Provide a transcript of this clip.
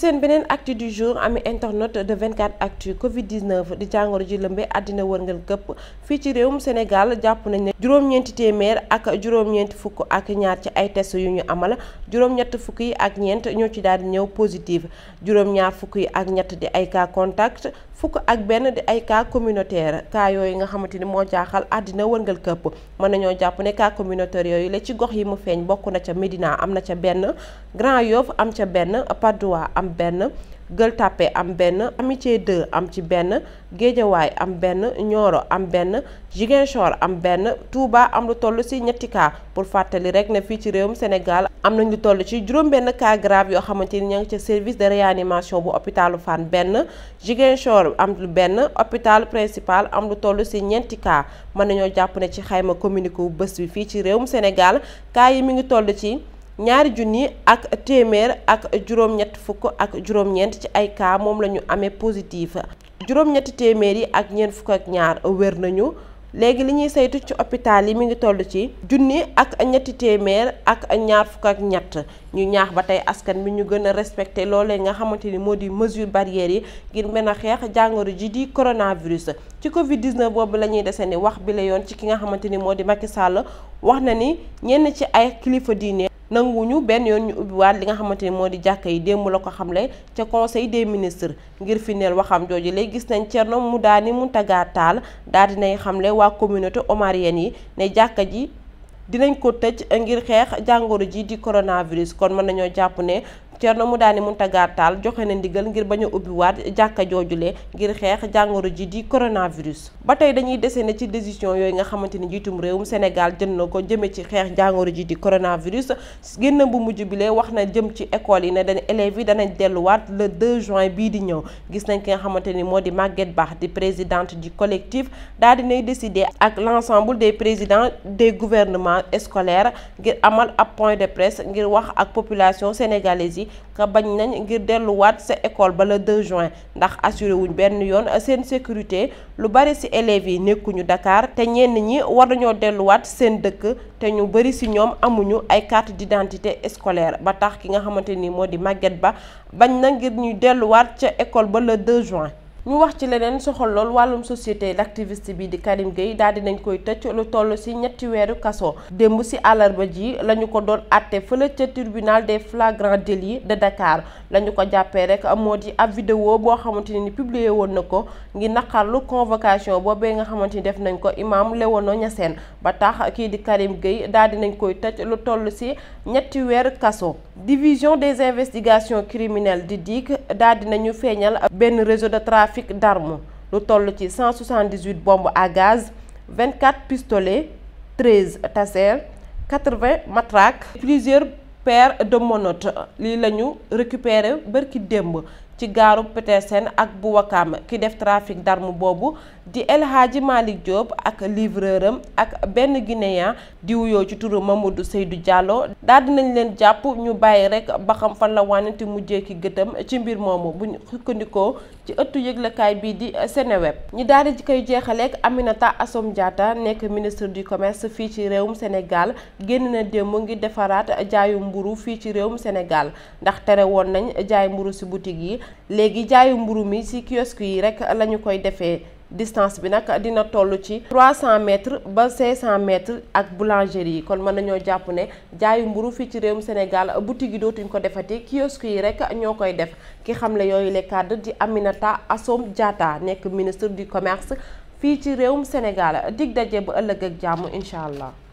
seen beneen actu du jour ami internet de 24 actu Covid 19 di jàngoro ji lëmbe àddina wërngal këpp fii ci réewum Sénégal jàpp nañ ne juróom téeméer ak juróom fukk ak ñaar ci ay test yu ñu amal juróom fukk ak ñeent ñoo ci daal di ñëw positive juróom-ñaar fukk yi ak ñett di ay cas contact fukk ak benn di ay cas communautaire cas yooyu nga xamante ni moo jaaxal àddina wërngal këpp mën nañoo jàpp ne cas communautaire yooyu la ci gox yi mu feeñ bokk na ca Médina am na ca benn Grand Yoff am ca benn Patte am benn Gueule Tapée am benn Amitié de am ci benn géejawaay am benn Nioro am benn Ziguinchor am benn Touba am lu toll ci ñetti cas pour fàttali rek ne fii ci réewum Sénégal am nañ lu toll ci juróom-benn cas grave yoo xamante ni ña ngi ca service de réanimation bu hôpitalu fan benn Ziguinchor am lu benn hôpital principal am lu toll ci ñeenti cas mën nañoo jàpp ne ci xayma communiqué bu bés bi fii ci réewum Sénégal cas yi mi ngi toll ci. ñaari junni ak téeméer ak juróom-ñett fukk ak juróom-ñeent ci ay cas moom la ñu amee positif juróom-ñetti téeméer yi ak ñeent fukk ak ñaar wér nañu léegi li ñuy saytu ci hôpital yi mi ngi toll ci junni ak ñetti téeméer ak ñaar fukk ak ñett ñu ñaax ba tey askan bi ñu gën a respecté loolee nga xamante ni moo di mesure barrières yi ngir mën a xeex jàngoro ji di coronavirus ci Covid boobu la ñuy dese ni wax bi la yoon ci ki nga xamante ni moo di Macky Sall wax na ni ci ay kilifa diine nanguwuñu benn yoon ñu ubbiwaat li nga xamante ni moo di jàkka yi démb la ko xamle ca conseil des ministres ngir firndeel waxam jooju léegi gis nañ Thierno Moudani Mountaga Tall daal dinay xamle waa communauté omarienne yi ne jàkka ji dinañ ko tëj ngir xeex jàngoro ji di coronavirus kon mën nañoo jàpp ne Thierno Moulane Mountaga Tall joxe na ndigal ngir bañ a ubbiwaat jàkka joojule ngir xeex jàngoro ji di coronavirus. ba tey dañuy dese na ci décision yooyu nga xamante ni jiitum réewum Sénégal jën na ko jëme ci xeex jàngoro ji di coronavirus génn bu mujj bile wax na jëm ci école yi ne dañ élèves yi danañ delluwaat le 2 juin bii di ñëw gis nañ ki nga xamante ni moo di Maguette baax di présidente du collectif daal dinay décider ak l'ensemble des présidents des gouvernements scolaires ngir amal ab point de presse ngir wax ak population sénégalaise yi ka bañ nañ ngir delluwaat sa école ba le 2 juin ndax assuré wuñ benn yoon seen sécurité lu bari ci élèves yi nekkuñu Dakar te ñenn ñi war nañoo delluwaat seen dëkk te ñu bari ci ñoom amuñu ay carte d'identité scolaire ba tax ki nga xamante ni moo di màgget Ba bañ na ngir ñu delluwaat ca école ba le 2 juin ñu wax ci leneen soxal lool wàllum société l'activiste bi di Karim géey daal di koy tëj lu toll ci ñetti weeru kaso démb ci àllarba ji la ñu ko doon àtte fële ca tribunal des flagrants délits de Dakar la ñu ko jàppee rek moo di ab vidéo boo xamante ni publié woon na ko ngir naqarlu convocation boobee nga xamante ni def nañ ko imam Léona Niassène ba tax kii di Karim Gueye daal di nañ koy tëj lu toll ci ñetti weeru kaso. division des investigations criminelles di DIC daal di nañu feeñal benn réseau de trafic. trafic d'armes lu toll ci 178 bombes à gaz 24 pistolets 13 taser 80 matraques plusieurs paires de menottes lii la ñu récupéré bërki démb ci gaaru Petersen ak bu ki def trafic d'armes boobu di El Hadji Malick Diop ak livreuram ak benn guinéen di wuyoo ci turu Mamadou Seydou Diallo daal dinañ leen jàpp ñu bàyyi rek baxam xam fan la wànnante mujjee ki gëtam ci mbir moomu buñ xukkandikoo ci ëttu yëglekaay bii di Seneweb ñi daal di koy jeexaleeg Aminata Assome Diatta nekk ministre du commerce fii ci réewum Sénégal génn na démb ngi defaraat jaayu mburu fii ci réewum Sénégal ndax tere woon nañ jaay mburu si boutique yi léegi jaayu mburu mi ci kiosku yi rek la koy defee distance bi nag dina toll ci 300 mètres ba 500 mètres ak boulangerie yi kon mën nañoo jàpp ne jaayu mburu fii ci réewum Sénégal boutique yi dootuñ ko defati kiosque yi rek ñoo koy def ki xamle yooyu les cadres di Aminata Assome Diatta nekk ministre du commerce fii ci réewum Sénégal dig daje ba ëllëg ak jàmm incha allah.